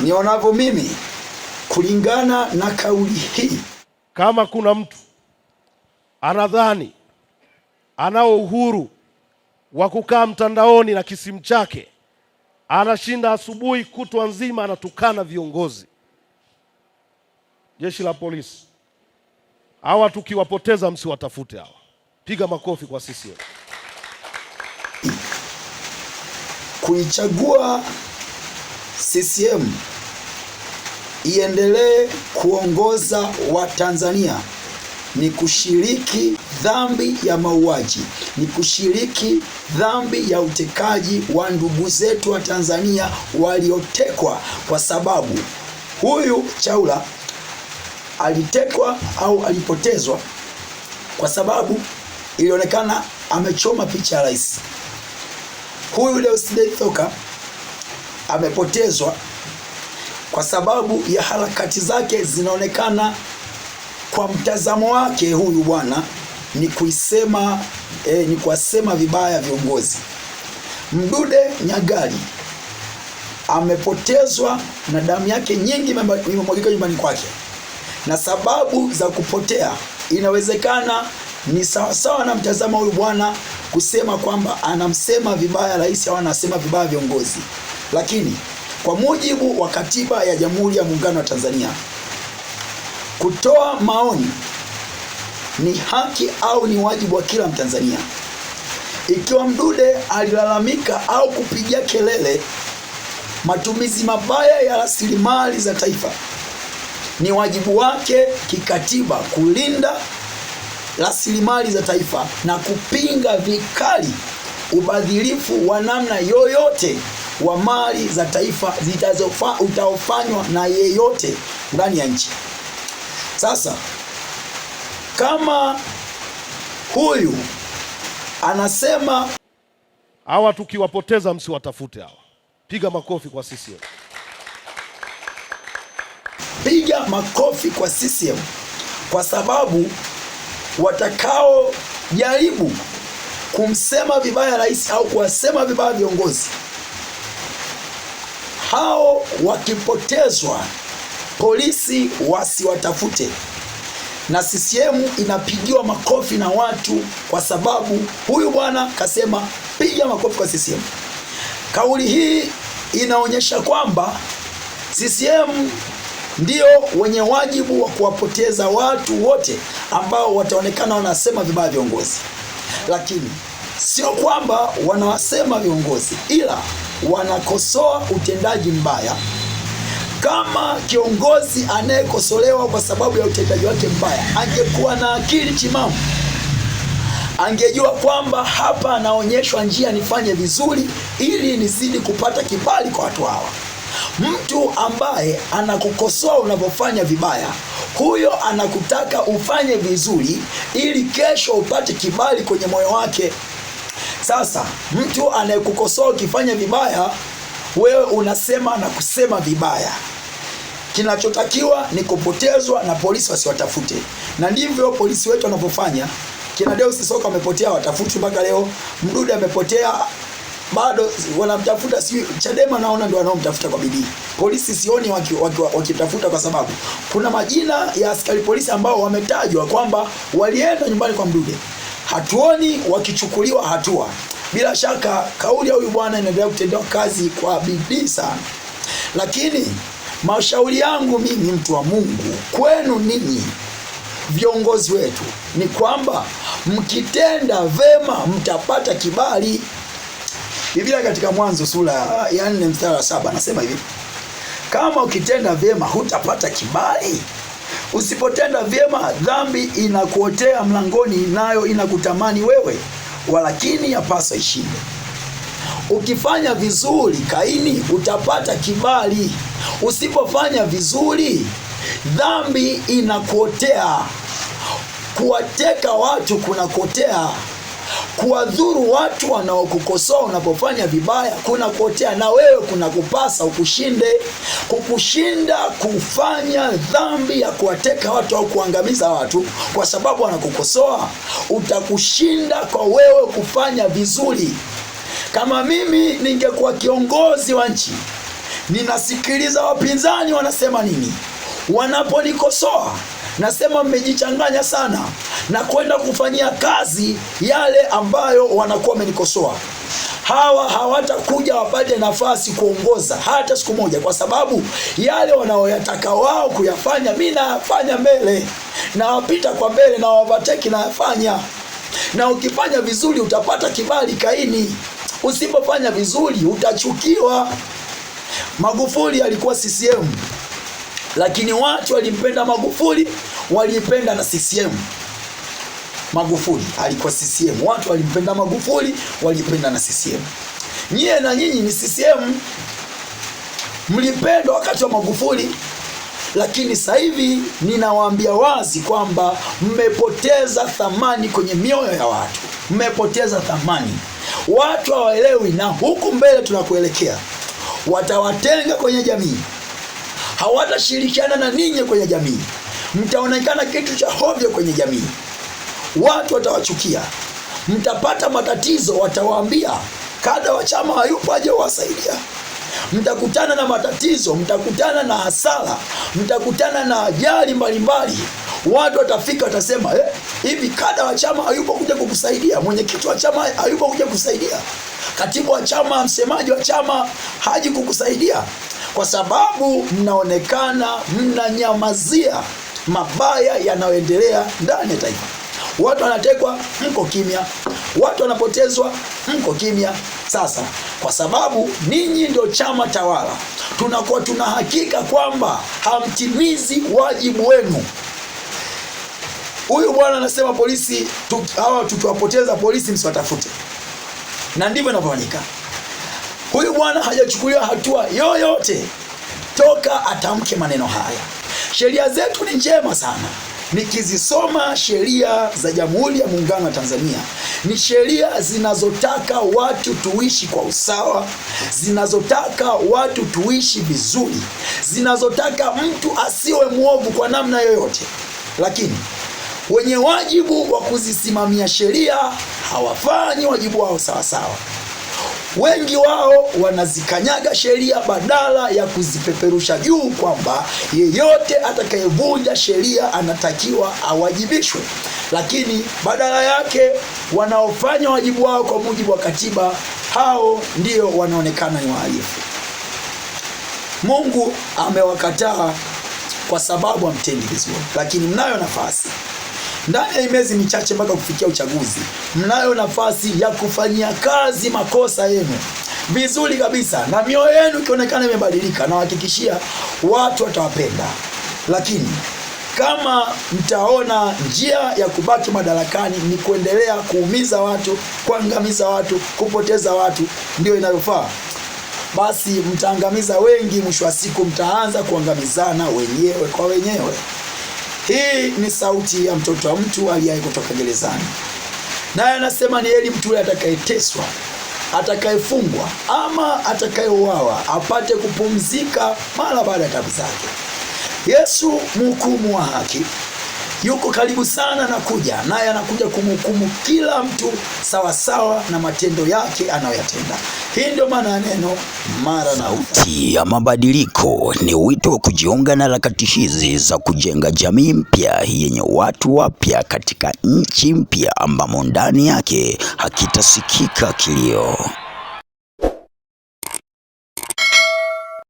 nionavyo mimi, kulingana na kauli hii, kama kuna mtu anadhani anao uhuru wa kukaa mtandaoni na kisimu chake, anashinda asubuhi kutwa nzima anatukana viongozi, jeshi la polisi, hawa tukiwapoteza msiwatafute hawa. Piga makofi kwa CCM. Kuichagua CCM iendelee kuongoza Watanzania ni kushiriki dhambi ya mauaji, ni kushiriki dhambi ya utekaji wa ndugu zetu wa Tanzania waliotekwa, kwa sababu huyu Chaula alitekwa au alipotezwa kwa sababu ilionekana amechoma picha ya rais. Huyu Deusdedith Soka amepotezwa kwa sababu ya harakati zake zinaonekana kwa mtazamo wake huyu bwana ni kuisema e, ni kuwasema vibaya viongozi. Mdude Nyagali amepotezwa na damu yake nyingi imemwagika nyumbani kwake, na sababu za kupotea inawezekana ni sawasawa na mtazamo huyu bwana kusema kwamba anamsema vibaya rais au anasema vibaya viongozi, lakini kwa mujibu wa katiba ya Jamhuri ya Muungano wa Tanzania, kutoa maoni ni haki au ni wajibu wa kila Mtanzania. Ikiwa Mdude alilalamika au kupigia kelele matumizi mabaya ya rasilimali za taifa, ni wajibu wake kikatiba kulinda rasilimali za taifa na kupinga vikali ubadhirifu wa namna yoyote wa mali za taifa utaofanywa na yeyote ndani ya nchi. Sasa kama huyu anasema hawa tukiwapoteza msiwatafute hawa. Piga makofi kwa CCM. Piga makofi kwa CCM kwa sababu watakaojaribu kumsema vibaya rais au kuwasema vibaya viongozi hao wakipotezwa, polisi wasiwatafute, na CCM inapigiwa makofi na watu, kwa sababu huyu bwana kasema piga makofi kwa CCM. Kauli hii inaonyesha kwamba CCM ndio wenye wajibu wa kuwapoteza watu wote ambao wataonekana wanasema vibaya viongozi, lakini sio kwamba wanawasema viongozi ila wanakosoa utendaji mbaya. Kama kiongozi anayekosolewa kwa sababu ya utendaji wake mbaya angekuwa na akili timamu, angejua kwamba hapa anaonyeshwa njia nifanye vizuri ili nizidi kupata kibali kwa watu hawa. Mtu ambaye anakukosoa unavyofanya vibaya, huyo anakutaka ufanye vizuri ili kesho upate kibali kwenye moyo wake. Sasa mtu anayekukosoa ukifanya vibaya, wewe unasema na kusema vibaya. Kinachotakiwa ni kupotezwa na polisi wasiwatafute, na ndivyo polisi wetu wanavyofanya. Kina Deus Soka amepotea, watafuti mpaka leo. Mdude amepotea bado wanamtafuta, si Chadema naona ndio wanaomtafuta kwa bidii. Polisi sioni wakitafuta waki, waki, kwa sababu kuna majina ya askari polisi ambao wametajwa kwamba walienda nyumbani kwa Mdude hatuoni wakichukuliwa hatua. Bila shaka kauli ya huyu bwana inaendelea kutendewa kazi kwa bidii sana, lakini mashauri yangu mimi, mtu wa Mungu, kwenu ninyi viongozi wetu ni kwamba mkitenda vema mtapata kibali. Biblia katika Mwanzo sura ya 4 mstari wa saba anasema hivi, kama ukitenda vyema hutapata kibali. Usipotenda vyema, dhambi inakuotea mlangoni, nayo inakutamani wewe, walakini yapasa ishinde. Ukifanya vizuri, Kaini, utapata kibali. Usipofanya vizuri, dhambi inakuotea. Kuwateka watu kunakotea kuwadhuru watu wanaokukosoa unapofanya vibaya kuna kuotea na wewe kuna kupasa ukushinde kukushinda kufanya dhambi ya kuwateka watu au kuangamiza watu kwa sababu wanakukosoa utakushinda kwa wewe kufanya vizuri kama mimi ningekuwa kiongozi wa nchi ninasikiliza wapinzani wanasema nini wanaponikosoa nasema mmejichanganya sana na kwenda kufanyia kazi yale ambayo wanakuwa wamenikosoa. Hawa hawatakuja wapate nafasi kuongoza hata siku moja, kwa sababu yale wanaoyataka wao kuyafanya mi nayafanya mbele, nawapita kwa mbele na wavateki nayafanya. Na ukifanya vizuri utapata kibali Kaini, usipofanya vizuri utachukiwa. Magufuli alikuwa CCM, lakini watu walimpenda Magufuli, waliipenda na CCM. Magufuli alikuwa CCM, watu walimpenda Magufuli, walipenda na CCM. Nyie na nyinyi ni CCM, mlipendwa wakati wa Magufuli, lakini sasa hivi ninawaambia wazi kwamba mmepoteza thamani kwenye mioyo ya watu, mmepoteza thamani, watu hawaelewi, na huku mbele tunakuelekea watawatenga kwenye jamii, hawatashirikiana na ninyi kwenye jamii, mtaonekana kitu cha hovyo kwenye jamii watu watawachukia, mtapata matatizo, watawaambia kada wa chama hayupo aje wasaidia. Mtakutana na matatizo, mtakutana na hasara, mtakutana na ajali mbalimbali. Watu watafika watasema, eh, hivi kada wa chama hayupo kuja kukusaidia, mwenyekiti wa chama hayupo kuja kusaidia katibu wa chama, msemaji wa chama haji kukusaidia, kwa sababu mnaonekana mnanyamazia mabaya yanayoendelea ndani ya taifa. Watu wanatekwa, mko kimya. Watu wanapotezwa, mko kimya. Sasa kwa sababu ninyi ndio chama tawala, tunakuwa tuna hakika kwamba hamtimizi wajibu wenu. Huyu bwana anasema polisi tu, hawa tukiwapoteza polisi msiwatafute, na ndivyo inavyofanyika. Huyu bwana hajachukuliwa hatua yoyote toka atamke maneno haya. Sheria zetu ni njema sana nikizisoma sheria za Jamhuri ya Muungano wa Tanzania ni sheria zinazotaka watu tuishi kwa usawa, zinazotaka watu tuishi vizuri, zinazotaka mtu asiwe mwovu kwa namna yoyote, lakini wenye wajibu wa kuzisimamia sheria hawafanyi wajibu wao sawasawa wengi wao wanazikanyaga sheria badala ya kuzipeperusha juu, kwamba yeyote atakayevunja sheria anatakiwa awajibishwe. Lakini badala yake wanaofanya wajibu wao kwa mujibu wa katiba, hao ndio wanaonekana ni wahalifu. Mungu amewakataa kwa sababu hamtendi vizuri, lakini mnayo nafasi ndani ya miezi michache mpaka kufikia uchaguzi, mnayo nafasi ya kufanyia kazi makosa yenu vizuri kabisa, na mioyo yenu ikionekana imebadilika, nawahakikishia watu watawapenda. Lakini kama mtaona njia ya kubaki madarakani ni kuendelea kuumiza watu, kuangamiza watu, kupoteza watu, ndio inayofaa basi mtaangamiza wengi, mwisho wa siku mtaanza kuangamizana wenyewe kwa wenyewe. Hii ni sauti ya mtoto wa mtu aliyaye kutoka gerezani, naye anasema ni heri mtu yule atakayeteswa, atakayefungwa ama atakayeuawa apate kupumzika mara baada ya tabu zake. Yesu mhukumu wa haki yuko karibu sana na kuja naye, anakuja kumhukumu kila mtu sawasawa na matendo yake anayoyatenda. Hii ndio maana ya neno na uti ya Mabadiliko ni wito wa kujiunga na harakati hizi za kujenga jamii mpya yenye watu wapya katika nchi mpya ambamo ndani yake hakitasikika kilio.